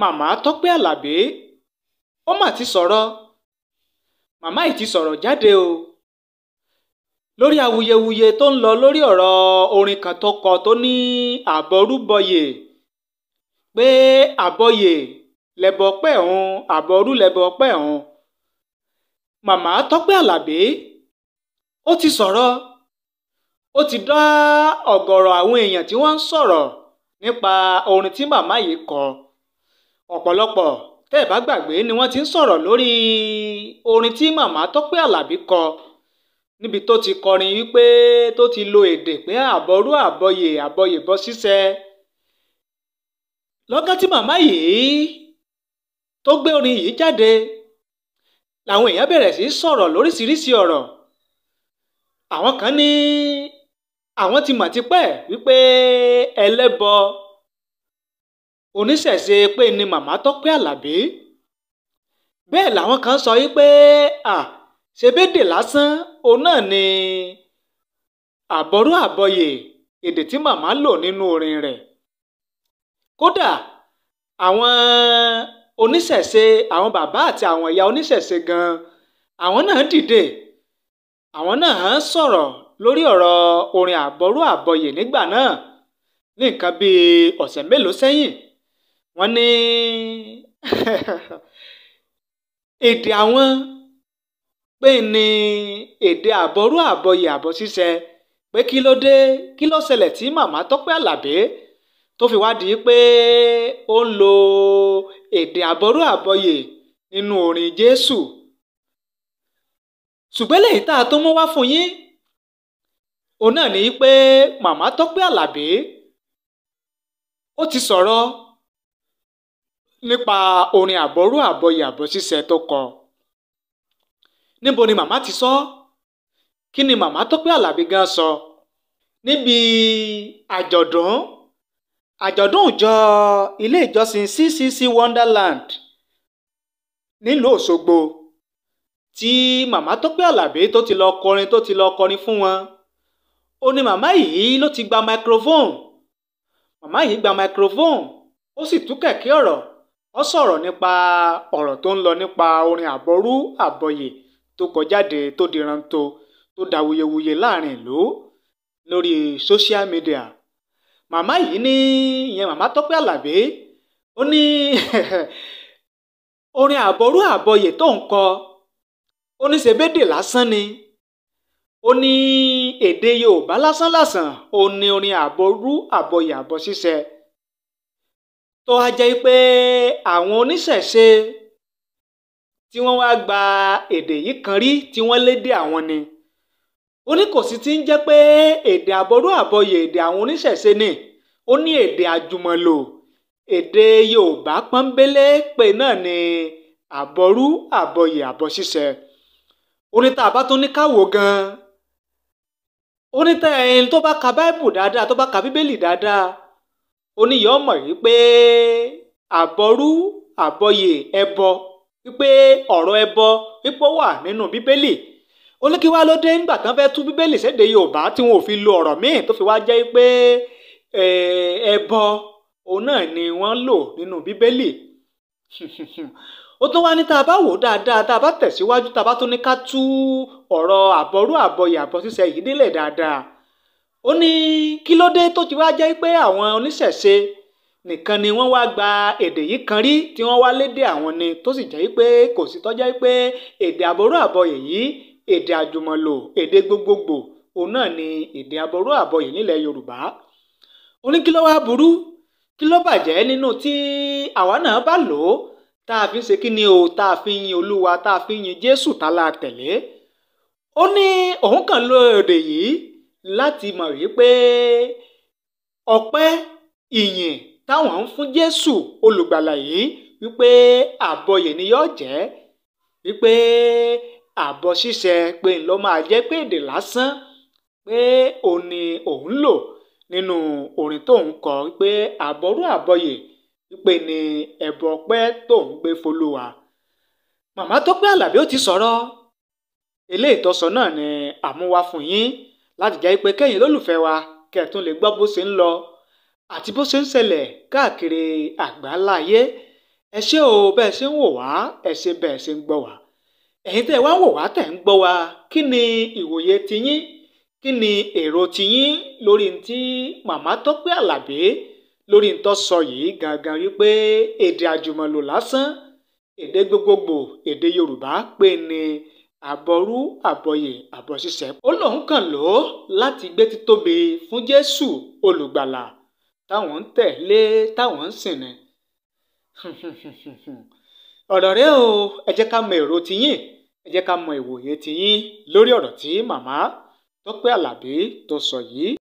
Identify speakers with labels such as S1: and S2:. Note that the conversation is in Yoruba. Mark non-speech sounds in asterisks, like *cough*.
S1: màmá tọ́pẹ́ àlàbé ó mà ti sọ̀rọ̀ màmá yìí ti sọ̀rọ̀ jáde o lórí awuyewuye tó ń lọ lórí ọ̀rọ̀ orin kan tó kọ tó ní àbọrúbọyè pé àbọyè lẹbọ pẹ́ òun àbọrú lẹbọ pẹ́ òun màmá tọ́pẹ́ àlàbé ó ti sọ̀rọ̀ ó ti dá ọ̀gọ̀rọ̀ àwọn èèyàn tí wọ́n ń sọ̀rọ̀ nípa orin tí màmá yìí kọ ọ̀pọ̀lọpọ̀ tẹ́ ẹ̀ bá gbàgbé ni wọ́n ti ń sọ̀rọ̀ lórí orin tí màmá Tọ́pẹ́ Àlàbí kọ níbi tó ti kọrin wípé tó ti lo èdè pé àbọ̀rú àbọ̀yè àbọ̀yè bọ́ sísẹ lọ́gán tí màmá yìí tó gbé orin yìí jáde làwọn èèyàn bẹ̀rẹ̀ sí sọ̀rọ̀ lóríṣiríṣi ọ̀rọ̀ àwọn kan ní àwọn ti mọ̀ tipẹ́ wípé ẹlẹ́bọ oníṣẹ̀ṣe pé ni màmá Tọ́pẹ́ Àlàbí bẹ́ẹ̀ làwọn kan sọ yí pé à ṣebédè lásán òun náà ni àbọ̀rú àbọ̀yè èdè tí màmá lò nínú orin rẹ̀ kódà àwọn oníṣẹ̀ṣe àwọn bàbá àti àwọn ìyá oníṣẹ̀ṣe gan àwọn náà dìde àwọn náà sọ̀rọ̀ lórí ọ̀rọ̀ orin àbọ̀rú àbọ̀yè nígbà náà ní nǹkan bíi ọ̀sẹ̀ mélòó sẹ́yìn wọ́n ní èdè àwọn pé ní èdè àbọ̀rú àbọ̀yè àbọ̀ ṣíṣẹ pé kí ló dé kí ló ṣẹlẹ̀ tí màmá Tọ́pẹ́ Àlàbí tó fi wádìí pé ó ń lo èdè àbọ̀rú àbọ̀yè nínú orin Jésù ṣùgbọ́n lẹ́yìn tá a tó mú wá fún yín òun náà ní pé màmá Tọ́pẹ́ Àlàbí ó ti sọ̀rọ̀ nípa orin àbọ̀rú àbọ̀yè àbọ̀ ṣíṣe tó kọ. níbo ni màmá ti sọ kí ni màmá Tọ́pẹ́ Àlàbí gan sọ níbi àjọ̀dún àjọ̀dún ìjọ ilé ìjọsìn CCC Wonderland nílùú Òṣogbo tí màmá Tọ́pẹ́ Àlàbí tó ti lọ kọrin tó ti lọ kọrin fún wọn ó ní màmá yìí ló ti gba microphone màmá yìí gba microphone ó sì tú kẹ̀kẹ́ ọ̀rọ̀ ó sọ̀rọ̀ nípa ọ̀rọ̀ tó ń lọ nípa orin àbọ̀rú àbọ̀yè tó kọjáde tó di rántó tó da wuyewuye láàrin ìlú lórí social media màmá yìí ní ìyẹn màmá Tọ́pẹ́ Àlàbí ó ní *laughs* orin àbọ̀rú àbọ̀yè tó ń kọ ó ní ṣèbédè lásán ni ó ní èdè Yorùbá lásánlàsàn ó ní orin àbọ̀rú àbọ̀yè àbọ̀ ṣíṣe tó wá jẹ́ pé àwọn oníṣẹ̀ṣe tí wọ́n wá gba èdè yìí kan rí tí wọ́n lédè àwọn ni ó ní kò sí ti ń jẹ́ pé èdè àbọ̀rú àbọ̀yè èdè àwọn oníṣẹ̀ṣe ni ó ní èdè àjùmọ̀lò èdè Yorùbá pọ́nbélé pé náà ni àbọ̀rú àbọ̀yè àbọ̀ ṣíṣe ó ní tá ní káwò gan-an ó ní tó bá ka báìbù dáadáa tó bá ka bíbélì dáadáa oníyàn mọ̀ wípé àbọ̀rú àbọ̀yè ẹbọ wípé ọ̀rọ̀ ẹbọ wípé wà nínú bíbélì olókìwá ló dé nígbà tán fẹ́ tú bíbélì sédè yorùbá tí wọn ò fi lo ọ̀rọ̀ míì tó fi wá jẹ́ pé ẹbọ òun náà ni wọ́n lò nínú bíbélì *laughs* ó tún wá ní tá a bá wò ó dáadáa tá a bá tẹ̀síwájú tá a bá tún ní ká tú ọ̀rọ̀ àbọ̀rú àbọ̀yè àbọ̀ ṣíṣe yìí délẹ̀ dáadáa ó ní kí ló dé tó ti wá jẹ́ pé àwọn oníṣẹ̀ṣe nìkan ni wọ́n wá gba èdè yìí kan rí tí wọ́n wá lédè àwọn ni tó sì jẹ́ pé kò sí tọ́jọ́ pé èdè àbọ̀rú àbọ̀yè yìí èdè àjùmọ̀lò èdè gbogbogbò òun náà ni èdè àbọ̀rú àbọ̀yè nílẹ̀ Yorùbá ó ní kí ló wá burú kí ló bàjẹ́ nínú tí àwa náà bá lò ó tá a fi ń ṣe kí ni o tá a fi ń yin Olúwa tá a fi ń yin Jésù tá a la tẹ̀lé ó ní òun kàn lo èdè yìí láti mọ̀ wípé ọpẹ́ ìyìn táwọn ń fún Jésù olùgbàlà yìí wípé àbọ̀yè ni yóò jẹ́ wípé àbọ̀ ṣíṣe pé ń lọ máa jẹ́ pé èdè lásán pé òun ni òun lò nínú orin tóun kọ wípé àbọ̀rú àbọ̀yè wípé ni ẹ̀bọ̀ ọpẹ́ tóun gbé folúwa màmá Tópé Àlàbí ó ti sọ̀rọ̀ eléyìí tó sọ náà ni àmúwá fún yín láti jẹ́ pé kẹ́yìn lólùfẹ́ wa kẹ̀tún lè gbọ́ bó ṣe ń lọ àti bó ṣe ń ṣẹlẹ̀ káàkiri àgbáláyé ẹ ṣé o bẹ́ẹ̀ ṣe ń wò wá ẹ ṣé bẹ́ẹ̀ ṣe ń gbọ́ wá ẹ̀yin tẹ́ ẹ wá ń wò wá tẹ̀ ń gbọ́ wá kí ni ìwòye tiyín kí ni èrò tiyín lórí ti màmá Tọ́pẹ́ Àlàbí lórí ń tọ́ sọ yìí gangan wípé èdè àjùmọ̀lò lásán èdè gbogbogbò èdè Yorùbá pé ni àbọrú àbọyè àbọ̀ṣiṣẹ́ ó lóun kàn lò ó láti gbé títóbi fún jésù olùgbàlà táwọn ń tẹ̀lé táwọn ń sìn ni *laughs* ọ̀rọ̀ rẹ o ẹ jẹ́ ká mọ èrò tiyín ẹ jẹ́ ká mọ ìwòye tiyín lórí ọ̀rọ̀ tí màmá Tọ́pẹ́ Àlàbí tó sọ yìí